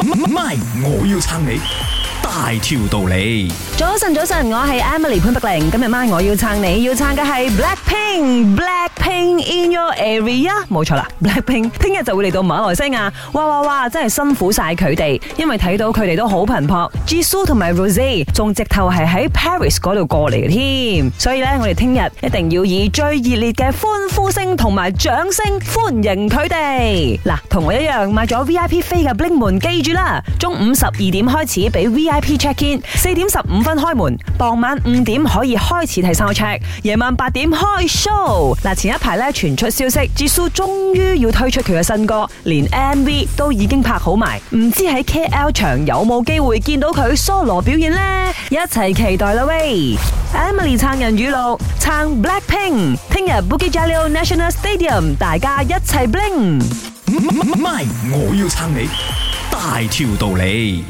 唔，我要撐你大條道理。早晨，早晨，我係 Emily 潘碧玲。今日晚我要撐你，要撐嘅係 Blackpink Black。Area 冇錯啦，Blackpink 聽日就會嚟到馬來西亞，哇哇哇真係辛苦晒佢哋，因為睇到佢哋都好頻撲，Jisoo 同埋 Rosie 仲直頭係喺 Paris 嗰度過嚟嘅添，所以咧我哋聽日一定要以最熱烈嘅歡呼聲同埋掌聲歡迎佢哋。嗱，同我一樣買咗 VIP 飛嘅 Blink 們，記住啦，中午十二點開始俾 VIP check in，四點十五分開門，傍晚五點可以開始睇 sound check，夜晚八點開 show。嗱，前一排咧傳出。消息，Jisoo 終於要推出佢嘅新歌，連 MV 都已經拍好埋，唔知喺 KL 場有冇機會見到佢 Solo 表演呢？一齊期待啦喂！Emily 撐人語錄撐 BLACKPINK，聽日 Bukit Jalil National Stadium，大家一齊 bling！MY 我要撐你，大條道理。